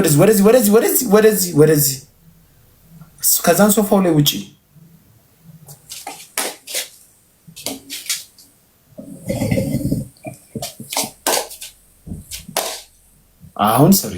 ወደዚህ ወደዚህ ወደዚህ ወደዚህ ወደዚህ ወደዚህ ከዛን ሶፋው ላይ ውጪ አሁን ስሪ።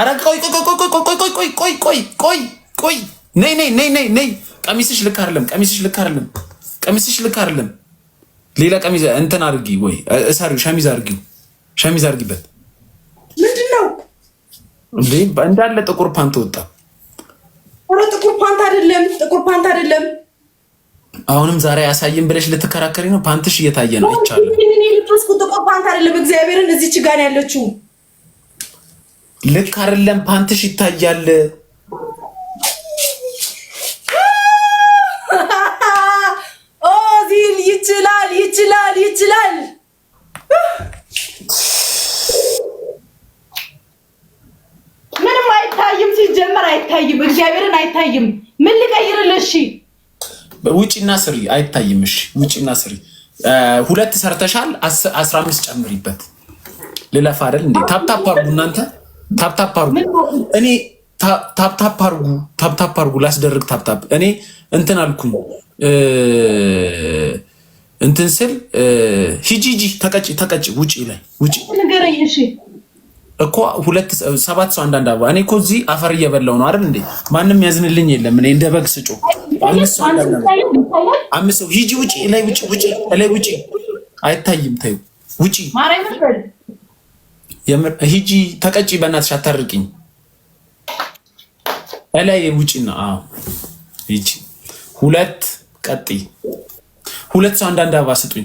አረ ቆይ ቆይ ቆይ ቆይ ቆይ ቆይ ቆይ ቆይ ቆይ ቆይ ቆይ ነይ ነይ ነይ ነይ ነይ። ቀሚስሽ ልክ አይደለም። ቀሚስሽ ልክ አይደለም። ቀሚስሽ ልክ አይደለም። ሌላ ቀሚስ እንትን አድርጊ ወይ እሰሪው ሸሚዝ አድርጊው። ሸሚዝ አድርጊበት። ምንድን ነው እንዳለ ጥቁር ፓንት ወጣ። ኧረ ጥቁር ፓንት አይደለም፣ ጥቁር ፓንት አይደለም። አሁንም ዛሬ አያሳይም ብለሽ ልትከራከሪ ነው? ፓንትሽ እየታየ ነው። ይቻላል። ጥቁር ፓንት አይደለም። እግዚአብሔርን እዚች ጋር ያለችው ልክ አይደለም። ፓንትሽ ይታያል። አይታይም፣ እግዚአብሔርን አይታይም። ምን ልቀይርልሽ? ውጭና ስሪ አይታይም። እሺ ውጭና ስሪ። ሁለት ሰርተሻል፣ አስራ አምስት ጨምሪበት። ልለፍ አይደል እንዴ? ታፕታፕ አርጉ እናንተ፣ ታፕታፕ አርጉ። እኔ ታፕታፕ አርጉ፣ ታፕታፕ አርጉ። ላስደርግ ታፕታፕ። እኔ እንትን አልኩኝ እንትን ስል ሂጂጂ፣ ተቀጭ ተቀጭ፣ ውጭ ላይ ውጭ ንገረኝ እሺ እኮ ሁለት ሰባት ሰው አንዳንድ አባ እኔ እኮ እዚህ አፈር እየበላው ነው አይደል እንዴ? ማንም ያዝንልኝ የለም። እኔ እንደ በግ ስጮ አምስት ሰው ሂጂ፣ ውጪ፣ ላይ ውጪ፣ ውጪ፣ ላይ ውጪ። አይታይም፣ ተይው፣ ውጪ፣ ሂጂ፣ ተቀጪ። በእናትሽ አታርቅኝ። ላይ ውጪ፣ ና ሂጂ። ሁለት ቀጥይ፣ ሁለት ሰው አንዳንድ አባ ስጡኝ።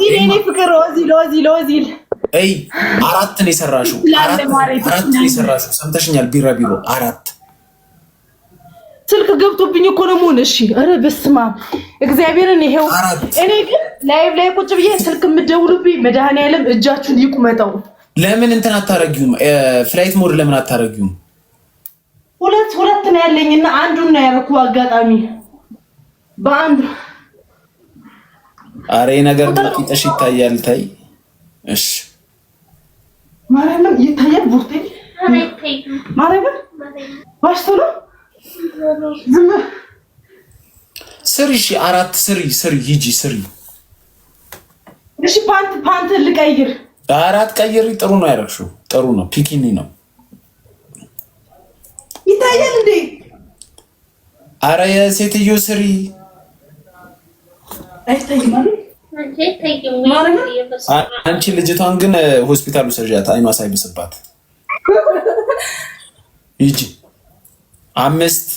ኦዚል የኔ ፍቅር ኦዚል ኦዚል ኦዚል አይ አራት ነው የሰራሽው። አራት ነው የሰራሽው። ሰምተሽኛል? ቢራ ቢሮ አራት ስልክ ገብቶብኝ እኮ ነው መሆን። እሺ፣ አረ በስማ እግዚአብሔርን። ይሄው እኔ ግን ላይቭ ላይ ቁጭ ብዬ ስልክ የምደውሉብኝ መድኃኒዓለም እጃችሁን ይቁመጠው። ለምን እንትን አታረጊውም? ፍላይት ሞድ ለምን አታረጊውም? ሁለት ሁለት ነው ያለኝ እና አንዱን ነው ያደረኩ አጋጣሚ በአንዱ አሬ ነገር ቂጥሽ ይታያል። ታይ እሺ፣ ማርያምን ይታያል። ቡርቴ ማርያምን ዋሽቶ ዝም ስሪ። እሺ፣ አራት ስሪ፣ ስሪ፣ ሂጂ፣ ስሪ። እሺ፣ ፓንት ፓንት ልቀይር። አራት ቀይሪ። ጥሩ ነው ያደረግሽው፣ ጥሩ ነው። ፒኪኒ ነው ይታያል እንዴ? አረ የሴትዮ ስሪ አንቺ ልጅቷን ግን ሆስፒታል ውሰጃት፣ አይኗ ሳይብስባት ይጂ አምስት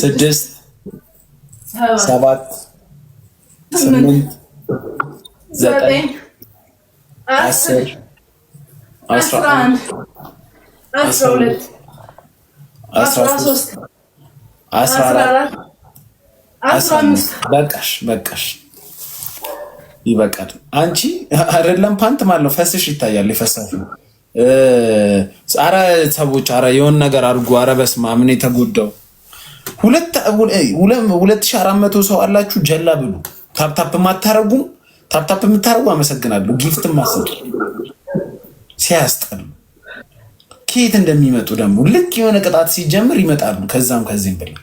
ስድስት ሰባት ስምንት ዘጠኝ አስር አስራ አንድ አስራ ሁለት አስራ ሶስት አስራ አራት በቃሽ በቃሽ፣ ይበቃል። አንቺ አይደለም ፓንት ማለት ነው ፈስሽ ይታያል። የፈሳሽ አረ ሰዎች አረ የሆን ነገር አድርጎ አረ በስመ አብ ነው የተጎዳው። ሁለት ሺህ አራት መቶ ሰው አላችሁ ጀላ ብሉ። ታፕታፕ ማታረጉም ታፕታፕ የምታረጉ አመሰግናለሁ። ጊፍት ማሰብ ሲያስጠሉ ከየት እንደሚመጡ ደግሞ ልክ የሆነ ቅጣት ሲጀምር ይመጣሉ። ከዛም ከዚህም በላይ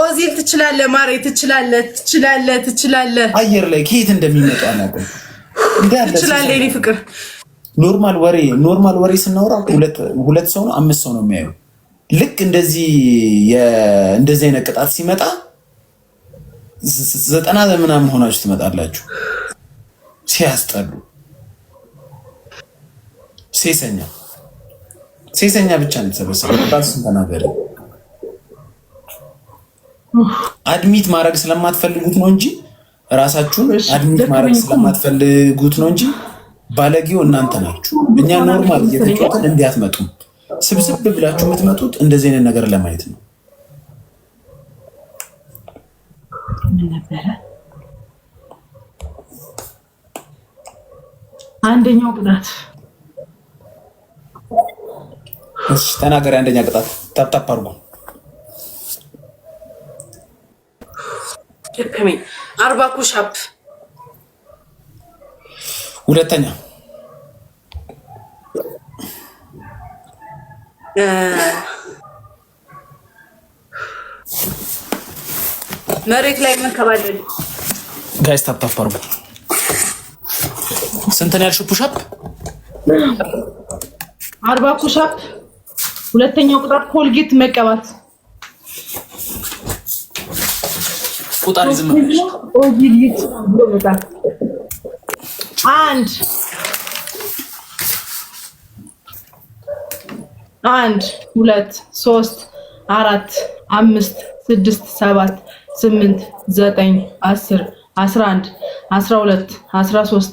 ኦዚል ትችላለ፣ ማሬ ትችላለ፣ ትችላለ፣ ትችላለ። አየር ላይ ከየት እንደሚመጣ ነገር ትችላለ የእኔ ፍቅር ኖርማል ወሬ ኖርማል ወሬ ስናወራ ሁለት ሰው ነው አምስት ሰው ነው የሚያዩ። ልክ እንደዚህ እንደዚህ አይነት ቅጣት ሲመጣ ዘጠና ምናምን ሆናችሁ ትመጣላችሁ። ሲያስጠሉ ሴሰኛ ሴሰኛ ብቻ ነው የተሰበሰበ ቅጣት ስንተናገር አድሚት ማድረግ ስለማትፈልጉት ነው እንጂ ራሳችሁን አድሚት ማድረግ ስለማትፈልጉት ነው እንጂ ባለጌው እናንተ ናችሁ። እኛ ኖርማል እየተጫወትን እንዲህ አትመጡም። ስብስብ ብላችሁ የምትመጡት እንደዚህ አይነት ነገር ለማየት ነው። አንደኛው ቅጣት ተናገሪ። አንደኛ ቅጣት ታፕታፕ አድርጎ ደከሜ አርባ ኩሻፕ ሁለተኛ መሬት ላይ መንከባለል። ጋይስ ታፕታፕ አርጉ። ስንት ነው ያልሽው? ፑሻፕ አርባ ኩሻፕ። ሁለተኛው ኮልጌት መቀባት ቁጠሪ ዝም ብለሽ አንድ አንድ ሁለት ሶስት አራት አምስት ስድስት ሰባት ስምንት ዘጠኝ አስር አስራ አንድ አስራ ሁለት አስራ ሶስት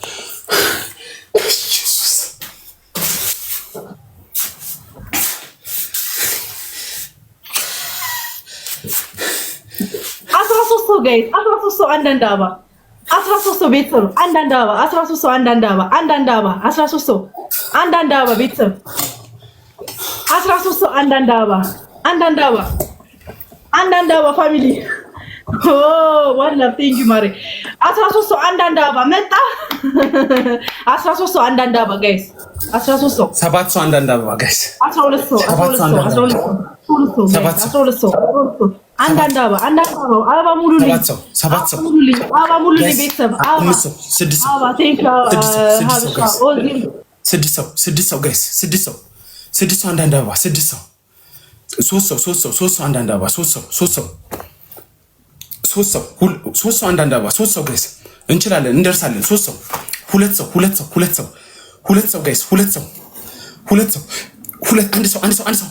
ጋይዝ አስራ ሦስት ሰው አንዳንድ አበባ አስራ ሦስት ሰው ቤተሰብ አንዳንድ አበባ አስራ ሦስት ሰው አንዳንድ አበባ አንዳንድ አበባ አስራ ሦስት ሰው አንዳንድ አበባ ቤተሰብ አስራ ሦስት ሰው አንዳንድ አበባ አንዳንድ አበባ አንዳንድ አበባ ፋሚሊ ዋላ ቴንኪ ማሬ አስራ ሦስት ሰው አንዳንድ አበባ መጣ። አስራ ሦስት ሰው አንዳንድ አበባ ጋይስ አስራ ሦስት ሰው ሰባት ሰው አንዳንድ አበባ ጋይስ አስራ ሁለት ሰው አስራ ሁለት ሰው አስራ ሁለት ሰው አንዳንድ አበባ አንዳንድ አበባ አበባ ሙሉ ሰባት ሰው ሙሉ ልኝ አበባ ሙሉ ልኝ ቤተሰብ አበባ ስድስት ሰው ስድስት ሰው ስድስት ሰው ጋይስ ስድስት ሰው ስድስት ሰው አንዳንድ አበባ ስድስት ሰው ሶስት ሰው ሶስት ሰው ሶስት ሰው አንዳንድ አበባ ሶስት ሰው ሶስት ሰው ሶስት ሰው ሶስት ሰው አንዳንድ አበባ ሶስት ሰው ጋይስ እንችላለን፣ እንደርሳለን። ሶስት ሰው ሁለት ሰው ሁለት ሰው ሁለት ሰው ሁለት ሰው ጋይስ ሁለት ሰው ሁለት ሰው ሁለት አንድ ሰው አንድ ሰው አንድ ሰው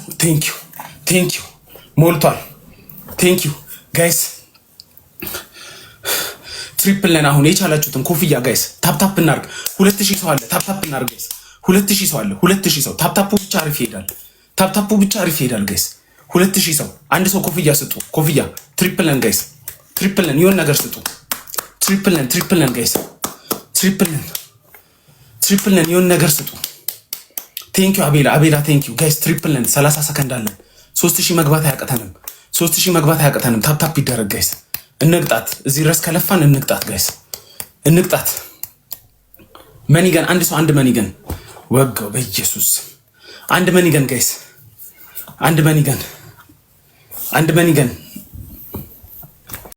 ሞልቷል። ቴንክ ዩ ጋይስ። ትሪፕል ነን አሁን የቻላችሁትን ኮፍያ ጋይስ ታፕታፕ እናርግ። ሁለት ሺህ ሰው አለ ታፕታፕ እናርግ ጋይስ። ሁለት ሺህ ሰው አለ ሁለት ሺህ ሰው ታፕታፑ ብቻ አሪፍ ይሄዳል። ታፕታፑ ብቻ አሪፍ ይሄዳል ጋይስ። ሁለት ሺህ ሰው አንድ ሰው ኮፍያ ስጡ። ኮፍያ ትሪፕል ነን ጋይስ። ትሪፕል ነን የሆነ ነገር ስጡ። ትሪፕል ነን ትሪፕል ነን ጋይስ። ትሪፕል ነን ትሪፕል ነን የሆነ ነገር ስጡ። ዩ አቤላ አቤላ ዩ ጋይስ። ትሪፕል ነን 30 ሰከንድ አለን። 3000 መግባት አያቀተንም። ሶስት ሺህ መግባት አያቅተንም። ታፕታፕ ይደረግ ጋይስ፣ እንቅጣት። እዚህ ድረስ ከለፋን እንቅጣት ጋይስ፣ እንቅጣት። መኒገን አንድ ሰው አንድ መኒገን ወጋው። በኢየሱስ አንድ መኒገን ጋይስ፣ አንድ መኒገን፣ አንድ መኒገን